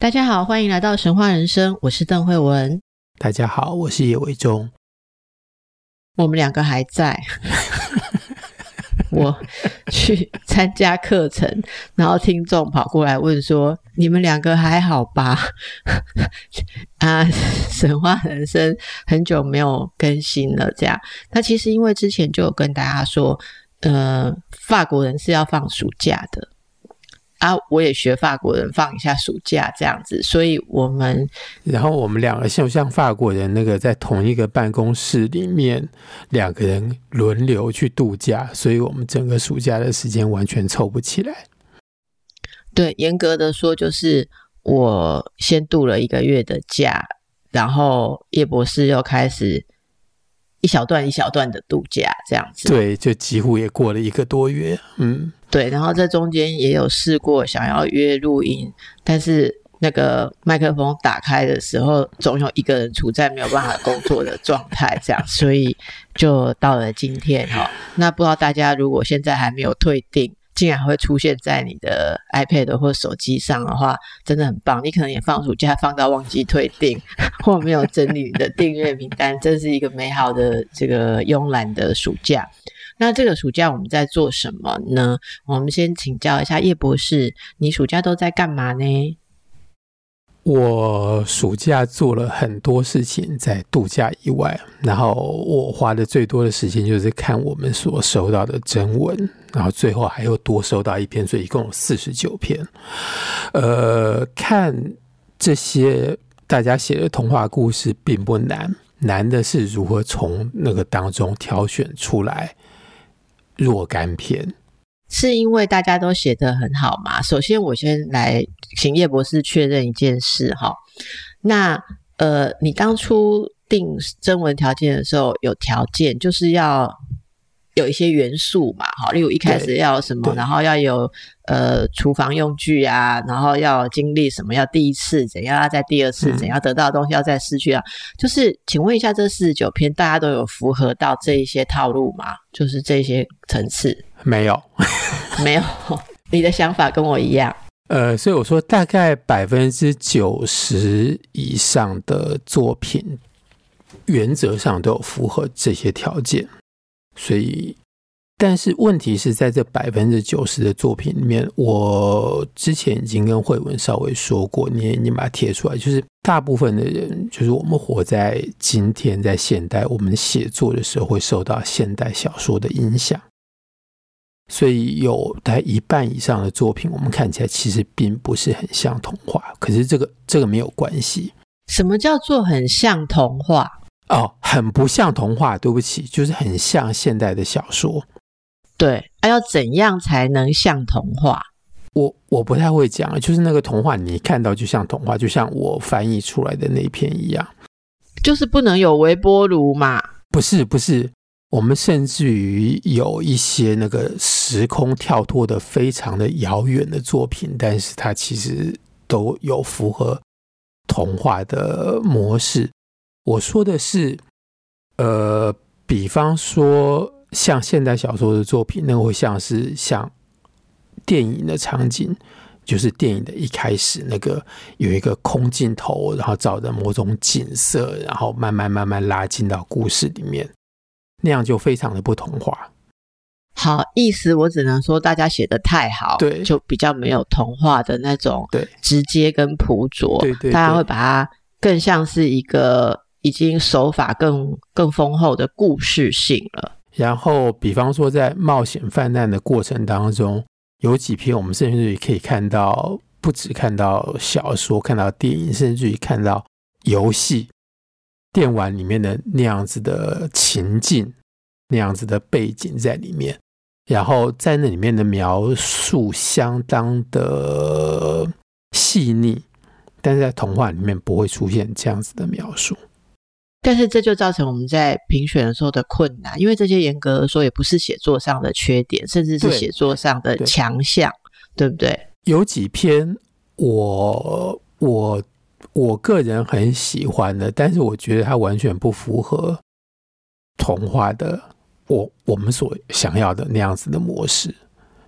大家好，歡迎來到神話人生，我是鄧惠文。大家好，我是葉偉忠。我們兩個還在， 我去參加課程，然後聽眾跑過來問說：“你們兩個還好吧？” 啊，神話人生很久沒有更新了，這樣。那其實因為之前就有跟大家說，呃，法國人是要放暑假的。啊，我也學法國人放一下暑假這樣子，所以我們，然後我們兩個像不像法國人那個在同一個辦公室裡面，兩個人輪流去度假，所以我們整個暑假的時間完全湊不起來。對，嚴格的說，就是我先度了一個月的假，然後葉博士又開始一小段一小段的度假這樣子，對，就幾乎也過了一個多月，嗯。對，然後在中間也有試過想要約錄音，但是那個麥克風打開的時候，總有一個人處在沒有辦法工作的狀態，這樣，所以就到了今天哈、哦。那不知道大家如果現在還沒有退訂，竟然會出現在你的 iPad 或手機上的話，真的很棒。你可能也放暑假放到忘記退訂，或沒有整理你的訂閱名單， 真是一個美好的這個慵懶的暑假。那這個暑假我們在做什麼呢？我們先請教一下葉博士，你暑假都在幹嘛呢？我暑假做了很多事情，在度假以外，然後我花的最多的時間就是看我們所收到的徵文，然後最後還有多收到一篇，所以一共有四十九篇。呃，看這些大家寫的童話故事並不難，難的是如何從那個當中挑選出來若干篇。是因為大家都寫得很好嘛？首先，我先來請葉博士確認一件事哈。那呃，你當初定徵文條件的時候，有條件就是要有一些元素嘛，哈，例如一開始要什麼，對然後要有呃廚房用具啊，然後要經歷什麼，要第一次怎樣，要再第二次怎樣得到的東西，要再失去啊。嗯、就是，請問一下這，這四十九篇大家都有符合到這一些套路嗎？就是這些層次。沒有 ，沒有，你的想法跟我一樣。呃，所以我說大概百分之九十以上的作品，原則上都有符合這些條件。所以，但是問題是在這百分之九十的作品裡面，我之前已經跟慧文稍微說過，你也已經把它貼出來。就是大部分的人，就是我們活在今天，在現代，我們寫作的時候會受到現代小說的影響。所以有大概一半以上的作品，我們看起來其實並不是很像童話。可是這個這個沒有關係。什麼叫做很像童話？哦，很不像童話。對不起，就是很像現代的小說。對，啊、要怎樣才能像童話？我我不太會講，就是那個童話，你看到就像童話，就像我翻譯出來的那一篇一樣，就是不能有微波爐嘛？不是，不是。我們甚至於有一些那個時空跳脫的非常的遙遠的作品，但是它其實都有符合童話的模式。我說的是，呃，比方說像現代小說的作品，那會像是像電影的場景，就是電影的一開始那個有一個空鏡頭，然後照着某種景色，然後慢慢慢慢拉近到故事裡面。那樣就非常的不同化。好，意思我只能說大家寫得太好，對，就比較沒有童話的那種對直接跟樸拙。對對，對對，大家會把它更像是一個已經手法更更豐厚的故事性了。然後，比方說在冒險犯難的過程當中，有幾篇我們甚至於可以看到，不只看到小說，看到電影，甚至於看到遊戲。電玩裡面的那樣子的情境，那樣子的背景在裡面，然後在那裡面的描述相當的細膩，但是在童話裡面不會出現這樣子的描述，但是這就造成我們在評選的時候的困難，因為這些嚴格說也不是寫作上的缺點，甚至是寫作上的強項，對，對，對不對？有幾篇我我。我個人很喜歡的，但是我覺得它完全不符合童話的，我我們所想要的那樣子的模式，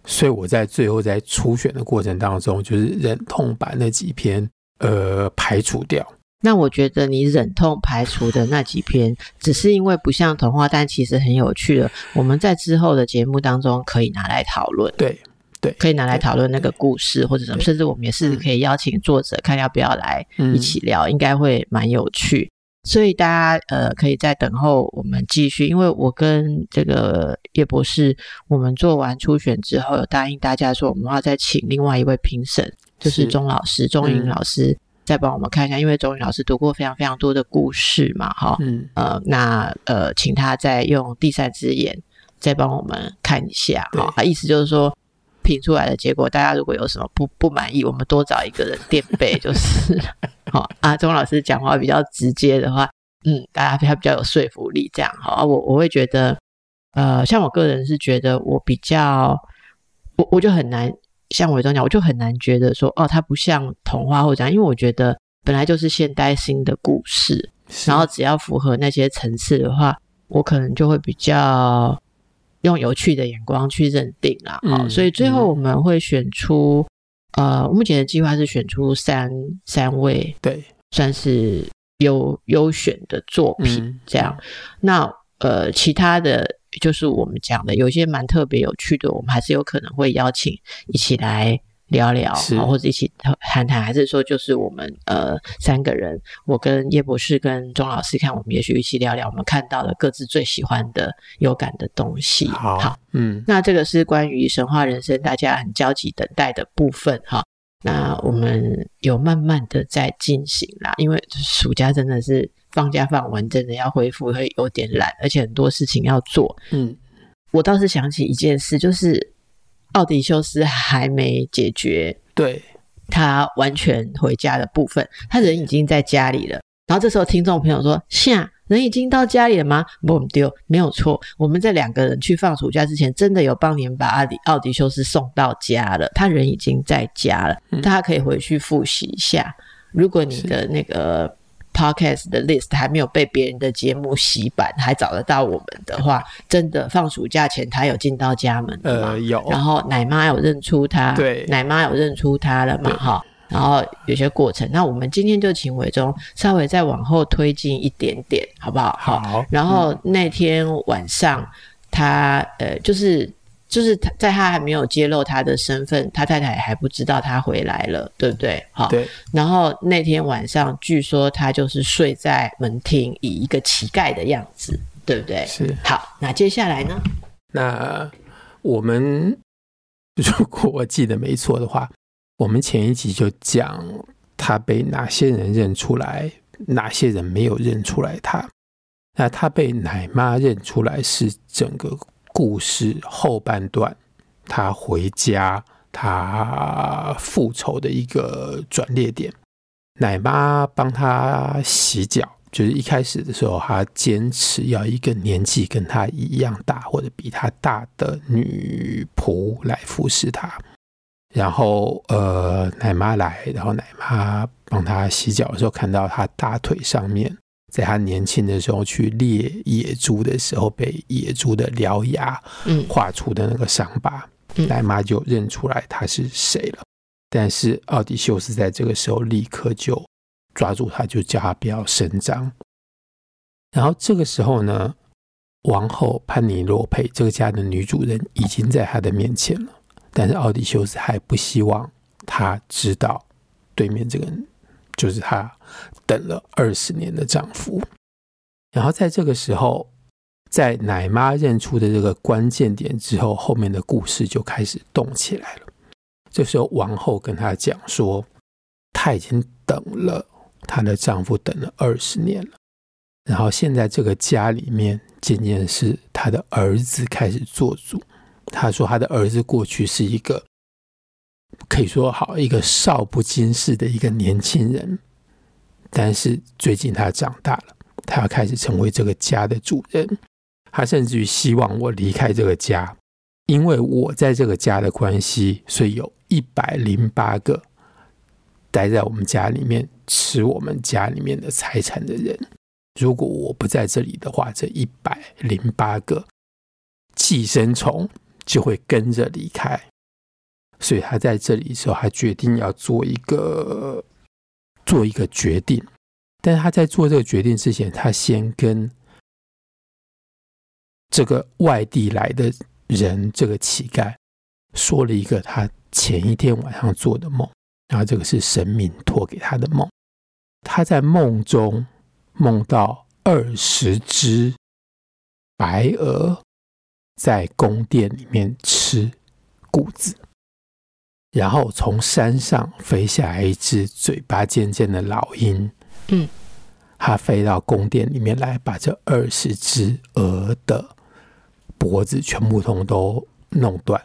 所以我在最後在初選的過程當中，就是忍痛把那幾篇呃排除掉。那我覺得你忍痛排除的那幾篇，只是因為不像童話，但其實很有趣的，我們在之後的節目當中可以拿來討論。對。對，可以拿來討論那個故事或者什麼，甚至我們也是可以邀請作者看要不要來一起聊，應該會蠻有趣。所以大家呃可以再等候我們繼續，因為我跟這個葉博士，我們做完初選之後有答應大家說，我們要再請另外一位評審，就是鐘老師、鐘穎老師，再幫我們看一下，因為鐘穎老師讀過非常非常多的故事嘛，哈，嗯，呃，那呃，呃，請他再用第三隻眼再幫我們看一下，哈，意思就是說。評出來的結果，大家如果有什麼不不滿意，我們多找一個人墊背就是。好、 哦，阿、啊、忠老師講話比較直接的話，嗯，大家還比，比較有說服力。這樣好啊、哦，我我會覺得，呃，像我個人是覺得我比較，我我就很難，像偉忠講，我就很難覺得說，哦，它不像童話或者這樣，因為我覺得本來就是現代性的故事，是然後只要符合那些層次的話，我可能就會比較。用有趣的眼光去認定啊、嗯，好、哦，所以最後我們會選出，嗯、呃，目前的計劃是選出三三位，對，算是優優選的作品這樣。嗯、那呃，其他的就是我們講的，有些蠻特別有趣的，我們還是有可能會邀請一起來聊聊，是或者一起談談，還是說就是我們呃三個人，我跟葉博士跟鍾老師看，看我們也許一起聊聊我們看到了各自最喜歡的有感的東西。好，好，嗯，那這個是關於神話人生大家很焦急等待的部分哈。那我們有慢慢的在進行啦，嗯、因為暑假真的是放假放完，真的要恢復會有點懶，而且很多事情要做。嗯，我倒是想起一件事，就是。奧迪修斯還沒解決，對，他完全回家的部分，對他人已經在家裡了。然後這時候聽眾朋友說：“下人已經到家裡了嗎？不，我們丟，沒有錯，我們在兩個人去放暑假之前，真的有幫你們把阿迪奧迪修斯送到家了，他人已經在家了。嗯，大家可以回去復習一下，如果你的那個。Podcast 的 list 還沒有被別人的節目洗版，還找得到我們的話，真的放暑假前他有進到家門了嗎？呃有，然後奶媽有認出他，對，奶媽有認出他了嘛哈，對然後有些過程。那我們今天就請偉忠稍微再往後推進一點點，好不好？好，好。然後那天晚上，嗯、他呃就是。就是他在他還沒有揭露他的身份，他太太還不知道他回來了，對不對？好。對。然後那天晚上，據說他就是睡在門廳，以一個乞丐的樣子，對不對？是。好，那接下來呢？那我們如果我記得沒錯的話，我們前一集就講他被哪些人認出來，哪些人沒有認出來他。那他被奶媽認出來是整個。故事後半段，他回家，他復仇的一個轉捩點。奶媽幫他洗腳，就是一開始的時候，他堅持要一個年紀跟他一樣大或者比他大的女僕來服侍他。然後，呃，奶媽來，然後奶媽幫他洗腳的時候，看到他大腿上面。在他年輕的時候去獵野豬的時候，被野豬的獠牙劃出的那個傷疤，奶媽、嗯、就認出來他是誰了。嗯、但是奧迪修斯在這個時候立刻就抓住他，就叫他不要聲張。然後這個時候呢，王后潘尼洛佩這個家的女主人已經在他的面前了，但是奧迪修斯還不希望他知道對面這個人就是他。等了二十年的丈夫，然後在這個時候，在奶媽認出的這個關鍵點之後，後面的故事就開始動起來了。這時候，王后跟她講說，她已經等了她的丈夫等了二十年了，然後現在這個家裡面漸漸是她的兒子開始做主。她說，她的兒子過去是一個可以說好一個少不更事的一個年輕人。但是最近他長大了，他要開始成為這個家的主人。他甚至於希望我離開這個家，因為我在這個家的關係，所以有一百零八個待在我們家裡面吃我們家裡面的財產的人。如果我不在這裡的話，這一百零八個寄生蟲就會跟着離開。所以他在這裡的時候，他決定要做一個。做一個決定，但是他在做這個決定之前，他先跟這個外地來的人，這個乞丐，說了一個他前一天晚上做的夢，然後這個是神明托給他的夢，他在夢中夢到二十隻白鵝在宮殿裡面吃穀子。然後從山上飛下來一只嘴巴尖尖的老鷹，嗯，它飛到宮殿裡面來，把這二十只鵝的脖子全部通都弄斷。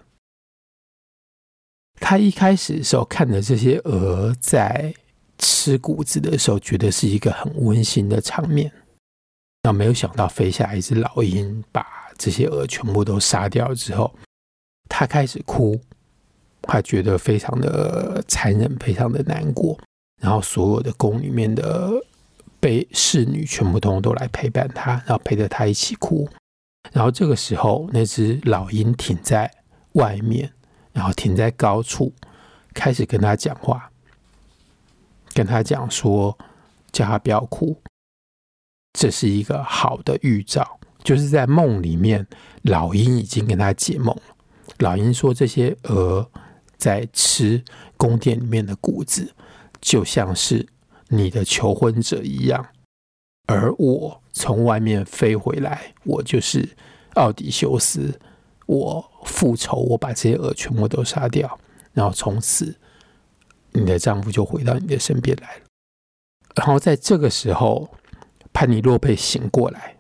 他一開始的時候看着這些鵝在吃谷子的時候，覺得是一個很溫馨的場面，那沒有想到飛下來一只老鷹，把這些鵝全部都殺掉之後，他開始哭。他覺得非常的殘忍，非常的難過。然後所有的宮裡面的被侍女全部通通都來陪伴他，然後陪着他一起哭。然後這個時候，那只老鷹停在外面，然後停在高處，開始跟他講話，跟他講說，叫他不要哭。這是一個好的預兆，就是在夢裡面，老鷹已經跟他解夢了。老鷹說，這些鵝。在吃宮殿裡面的谷子，就像是你的求婚者一樣。而我從外面飛回來，我就是奧迪修斯。我復仇，我把這些鵝全部都殺掉，然後從此你的丈夫就回到你的身邊來了。然後在這個時候，潘妮洛佩醒過來，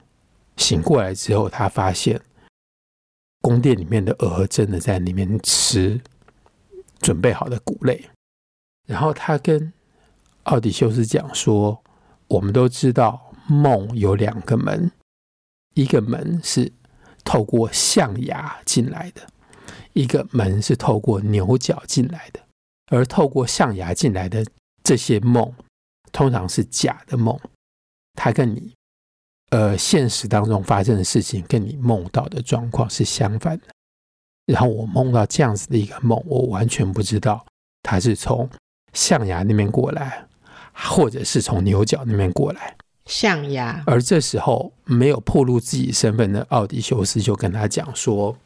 醒過來之後，他發現宮殿裡面的鵝真的在裡面吃。準備好的谷類，然後他跟奧迪修斯講說：“我們都知道夢有兩個門，一個門是透過象牙進來的，一個門是透過牛角進來的。而透過象牙進來的這些夢，通常是假的夢。他跟你，呃，現實當中發生的事情，跟你夢到的狀況是相反的。”然後我夢到這樣子的一個夢，我完全不知道他是從象牙那邊過來，或者是從牛角那邊過來、象牙。而這時候沒有暴露自己身份的奧迪修斯就跟他講說：“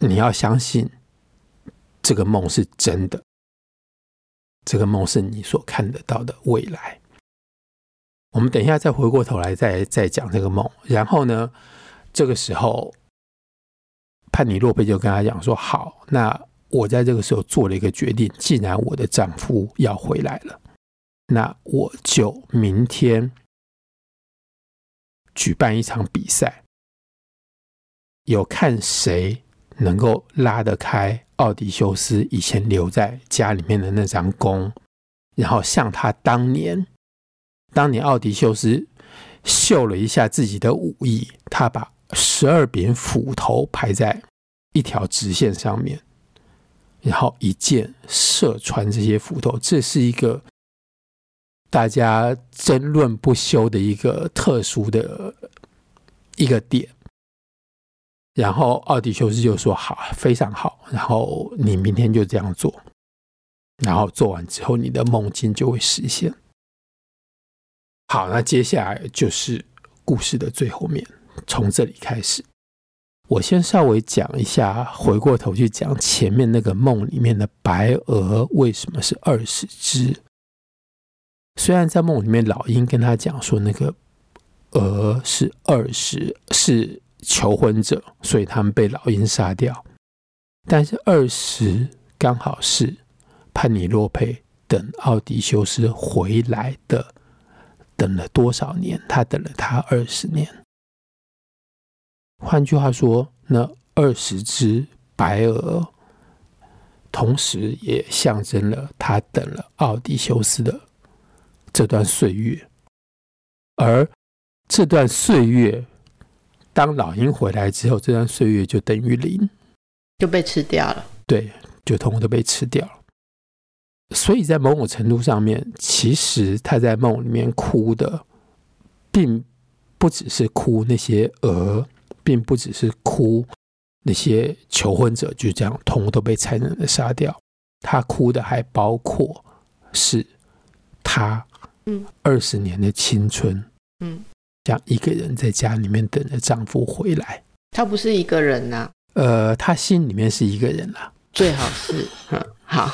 你要相信這個夢是真的，這個夢是你所看得到的未來。”我們等一下再回過頭來，再再講這個夢。然後呢，這個時候。潘妮洛佩就跟他講說：“好，那我在這個時候做了一個決定，既然我的丈夫要回來了，那我就明天舉辦一場比賽，有看誰能夠拉得開奧迪修斯以前留在家裡面的那張弓，然後像他當年，當年奧迪修斯秀了一下自己的武藝，他把。”十二柄斧頭排在一條直線上面，然後一箭射穿這些斧頭，這是一個大家爭論不休的一個特殊的一個點。然後奧迪修斯就說：“好，非常好。然後你明天就這樣做，然後做完之後，你的夢境就會實現。”好，那接下來就是故事的最後面。從這裡開始，我先稍微講一下，回過頭去講前面那個夢裡面的白鵝為什麼是二十隻。雖然在夢裡面，老鷹跟他講說那個鵝是二十，是求婚者，所以他們被老鷹殺掉。但是二十剛好是潘妮洛佩等奧迪修斯回來的，等了多少年？他等了他二十年。換句話說，那二十隻白鵝，同時也象徵了他等了奧迪修斯的這段歲月。而這段歲月，當老鷹回來之後，這段歲月就等於零，就被吃掉了。對，就統統都被吃掉了。所以在某種程度上面，其實他在夢裡面哭的，並不只是哭那些鵝。並不只是哭，那些求婚者就這樣，通通都被殘忍的殺掉。她哭的還包括是她，嗯，二十年的青春，嗯，嗯，像一個人在家裡面等着丈夫回來。她不是一個人吶、啊，呃，她心裡面是一個人啦、啊，最好是，嗯，好，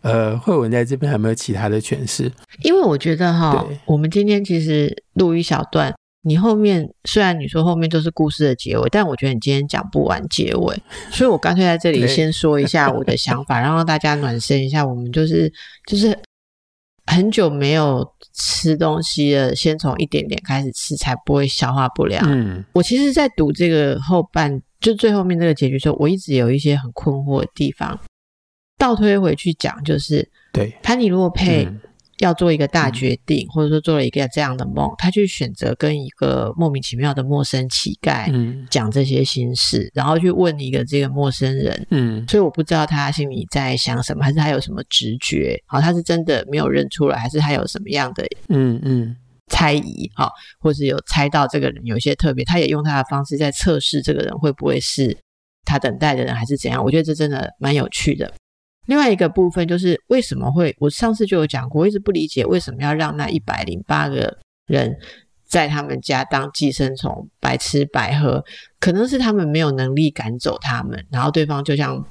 呃，慧文在這邊還有沒有其他的詮釋？因為我覺得哈，對我們今天其實錄一小段。你後面，雖然你說後面都是故事的結尾，但我覺得你今天講不完結尾，所以我乾脆在這裡先說一下我的想法，對 然後讓大家暖身一下。我們就是就是很久沒有吃東西了，先從一點點開始吃，才不會消化不良。嗯，我其實，在讀這個後半就最後面這個結局的時候，我一直有一些很困惑的地方。倒推回去講，就是對潘妮洛佩，嗯。要做一個大決定，嗯、或者說做了一個這樣的夢，他去選擇跟一個莫名其妙的陌生乞丐講這些心事，嗯、然後去問一個這個陌生人。嗯，所以我不知道他心裡在想什麼，還是他有什麼直覺？好，他是真的沒有認出來，還是他有什麼樣的嗯嗯猜疑？好、嗯，嗯、或是有猜到這個人有一些特別，他也用他的方式在測試這個人會不會是他等待的人，還是怎樣？我覺得這真的蠻有趣的。另外一個部分就是為什麼會？我上次就有講過，我一直不理解為什麼要讓那一百零八個人在他們家當寄生蟲，白吃白喝，可能是他們沒有能力趕走他們，然後對方就像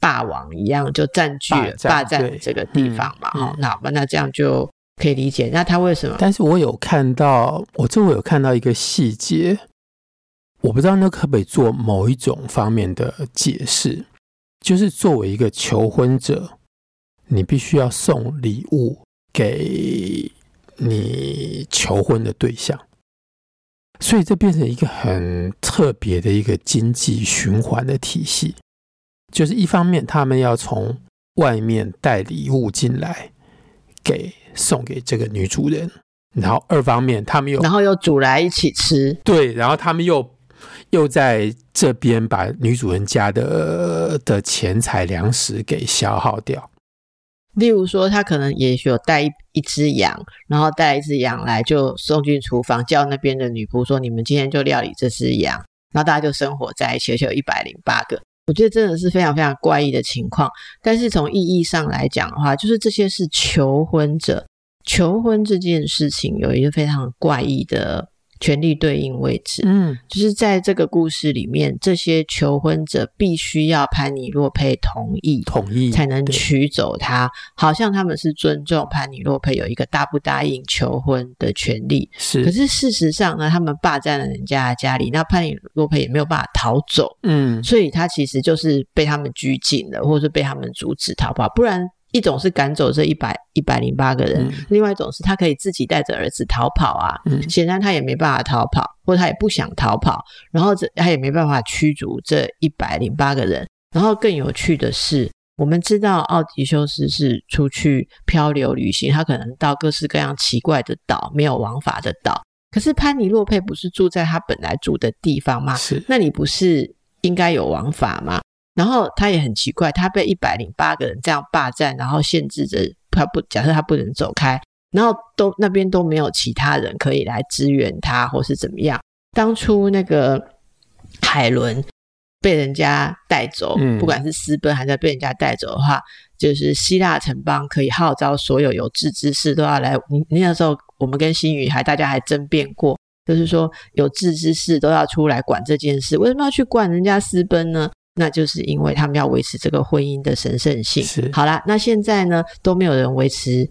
霸王一樣，就佔據了霸家，霸佔這個地方嘛？哦、嗯，那、嗯、好吧，那這樣就可以理解。那他為什麼？但是我有看到，我這會有看到一個細節，我不知道那可不可以做某一種方面的解釋。就是作為一個求婚者，你必須要送禮物給你求婚的對象，所以這變成一個很特別的一個經濟循環的體系。就是一方面他們要從外面帶禮物進來給送給這個女主人，然後二方面他們又然後又煮來一起吃，對，然後他們又。又在這邊把女主人家的的錢財糧食給消耗掉，例如說，他可能也許有帶一一隻羊，然後帶一隻羊來，就送進廚房，叫那邊的女僕說：“你們今天就料理這隻羊。”然後大家就生活在一起，就有一百零八個。我覺得真的是非常非常怪異的情況。但是從意義上來講的話，就是這些是求婚者求婚這件事情有一個非常怪異的。權力對應位置，嗯，就是在這個故事裡面，這些求婚者必須要潘尼洛佩同意，同意才能取走他。對好像他們是尊重潘尼洛佩有一個答不答應求婚的權利，是。可是事實上呢，他們霸占了人家的家裡，那潘尼洛佩也沒有辦法逃走，嗯，所以他其實就是被他們拘禁了，或是被他們阻止逃跑，不然。一種是趕走這一百一百零八個人，嗯、另外一種是他可以自己帶着兒子逃跑啊。嗯、顯然他也沒辦法逃跑，或他也不想逃跑，然後這他也沒辦法驅逐這一百零八個人。然後更有趣的是，我們知道奧迪修斯是出去漂流旅行，他可能到各式各樣奇怪的島，沒有王法的島。可是潘妮洛佩不是住在他本來住的地方嗎？是，那你不是應該有王法嗎？然後他也很奇怪，他被一百零八個人這樣霸占，然後限制着他不。假設他不能走開，然後都那邊都沒有其他人可以來支援他，或是怎麼樣？當初那個海倫被人家帶走，嗯、不管是私奔還是被人家帶走的話，就是希臘城邦可以號召所有有志之士都要來。你那個、時候我們跟新宇還大家還爭辯過，就是說有志之士都要出來管這件事，為什麼要去管人家私奔呢？那就是因為他們要維持這個婚姻的神聖性。是好了，那現在呢，都沒有人維持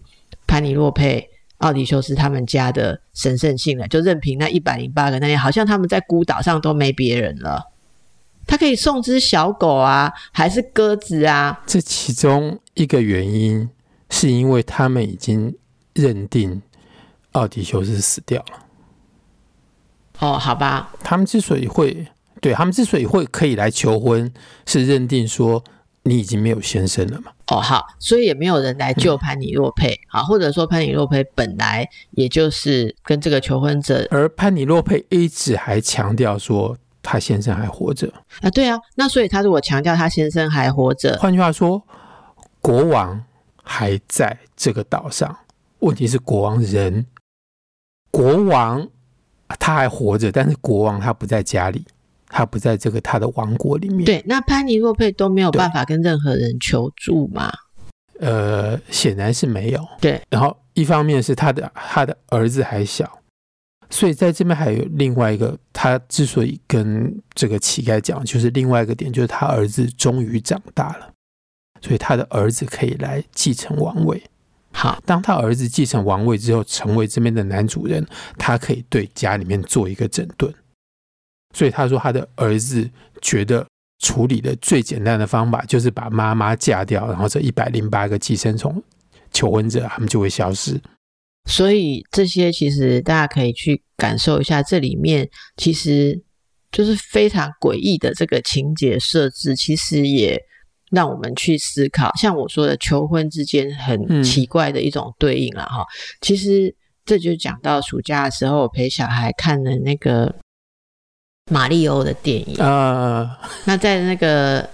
潘尼洛佩、奧迪修斯他們家的神聖性了，就任憑那一百零八個那天，那些好像他們在孤島上都沒別人了。他可以送只小狗啊，還是鴿子啊？這其中一個原因是因為他們已經認定奧迪修斯死掉了。哦，好吧。他們之所以會。對，他們之所以會可以來求婚，是認定說你已經沒有先生了嘛？哦，好，所以也沒有人來救潘妮洛佩啊。嗯，好，或者說潘妮洛佩本來也就是跟這個求婚者，而潘妮洛佩一直還強調說他先生還活着啊，對啊，那所以他如果強調他先生還活着，換句話說，國王還在這個島上，問題是國王人，國王他還活着，但是國王他不在家裡。他不在這個他的王國裡面。對，那潘妮洛佩都沒有辦法跟任何人求助嘛？呃，顯然是沒有。對，然後一方面是他的他的兒子還小，所以在這邊還有另外一個，他之所以跟這個乞丐講，就是另外一個點，就是他兒子終於長大了，所以他的兒子可以來繼承王位。好、嗯，當他兒子繼承王位之後，成為這邊的男主人，他可以對家裡面做一個整頓。所以他說，他的兒子覺得處理的最簡單的方法就是把媽媽嫁掉，然後這一百零八個寄生蟲求婚者他們就會消失。所以這些其實大家可以去感受一下，這裡面其實就是非常詭異的這個情節設置，其實也讓我們去思考。像我說的，求婚之間很奇怪的一種對應了哈。其實這就講到暑假的時候，我陪小孩看的那個，馬里歐的電影啊，uh, 那在那個，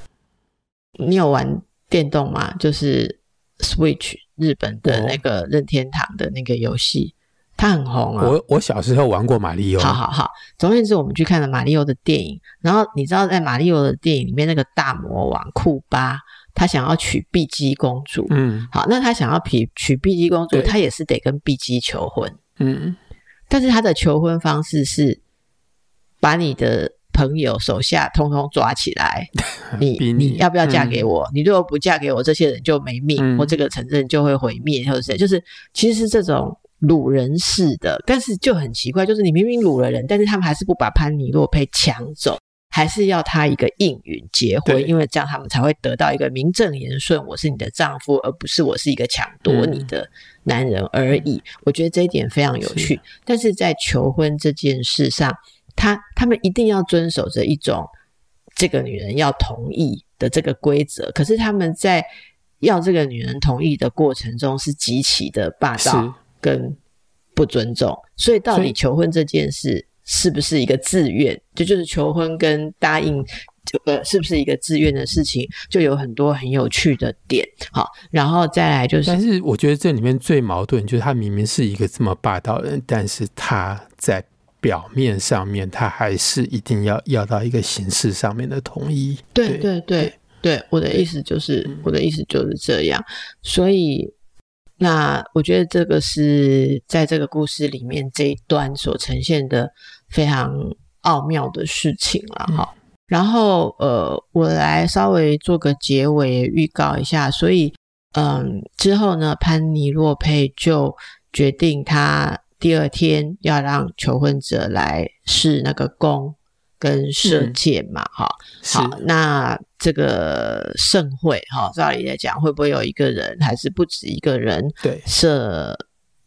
你有玩電動嗎？就是 Switch 日本的那個任天堂的那個遊戲，oh. 它很紅啊。我我小時候玩過瑪麗歐，好好好。總而言之，我們去看了瑪麗歐的電影。然後你知道，在瑪麗歐的電影裡面，那個大魔王庫巴，他想要娶碧姬公主。嗯，好，那他想要娶娶碧姬公主，對他也是得跟碧姬求婚。嗯，但是他的求婚方式是。把你的朋友、手下通通抓起來， 明明你你，要不要嫁給我？嗯、你如果不嫁給我，這些人就沒命，我、嗯、這個城鎮就會毀滅，或者是就是其實是這種擄人式的，但是就很奇怪，就是你明明擄了人，但是他們還是不把潘尼洛佩搶走，還是要他一個應允結婚，對因為這樣他們才會得到一個名正言順，我是你的丈夫，而不是我是一個搶奪你的男人而已。嗯、我覺得這一點非常有趣，是啊、但是在求婚這件事上。他他們一定要遵守着一種這個女人要同意的這個規則，可是他們在要這個女人同意的過程中是極其的霸道跟不尊重。是所以到底求婚這件事是不是一個自願？以就就是求婚跟答應呃，是不是一個自願的事情？就有很多很有趣的點。好，然後再來就是，但是我覺得這裡面最矛盾就是，他明明是一個這麼霸道的人，但是他在。表面上面，他還是一定要要到一個形式上面的統一。對對對對，對，對，我的意思就是，嗯、我的意思就是這樣。所以，那我覺得這個是在這個故事裡面這一段所呈現的非常奧妙的事情了哈。嗯、然後，呃，我來稍微做個結尾預告一下。所以，嗯，之後呢，潘尼洛佩就決定他。第二天要讓求婚者來試那個弓跟射箭嘛、嗯，哈，好，是那這個盛會哈，照理來講，會不會有一個人還是不止一個人對射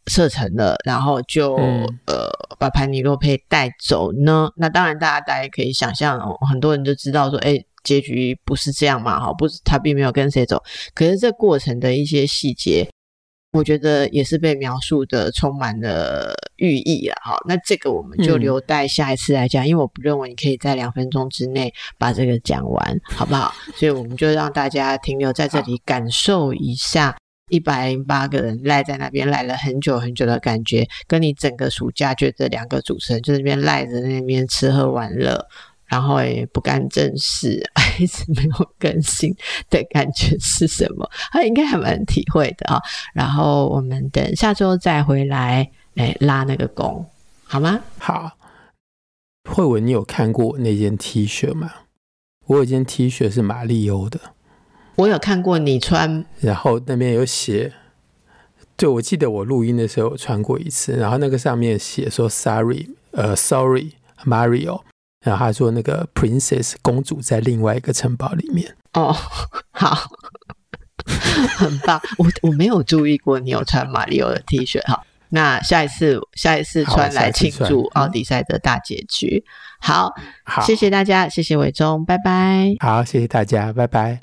射成了，然後就、嗯、呃把潘妮洛佩帶走呢？那當然，大家大家可以想象，很多人就知道說，哎、欸，結局不是這樣嘛，哈，不是他並沒有跟誰走，可是這過程的一些細節。我覺得也是被描述的充滿了寓意啊，哈，那這個我們就留待下一次來講，嗯，因為我不認為你可以在兩分鐘之內把這個講完，好不好？所以我們就讓大家停留在這裡，感受一下一百零八個人賴在那邊賴了很久很久的感覺，跟你整個暑假就這兩個主持人就那邊賴着那邊吃喝玩樂。然後也不幹正事、啊，一直沒有更新的感覺是什麼？他、啊、應該還蠻體會的啊、哦。然後我們等下周再回來，哎，拉那個弓，好嗎？好。慧文，你有看過那件 T 恤嗎？我有件 T 恤是馬利歐的。我有看過你穿，然後那邊有寫，對，我記得我錄音的時候有穿過一次，然後那個上面寫說 “sorry”，呃，“sorry Mario”。然後他說：“那個 Princess 公主在另外一個城堡裡面。”哦，好， 很棒。 我我沒有注意過你有穿馬里奧的 T 恤哈。那下一次，下一次穿來慶祝奧迪賽的大結局。好，嗯、好好謝謝大家，謝謝偉忠，拜拜。好，謝謝大家，拜拜。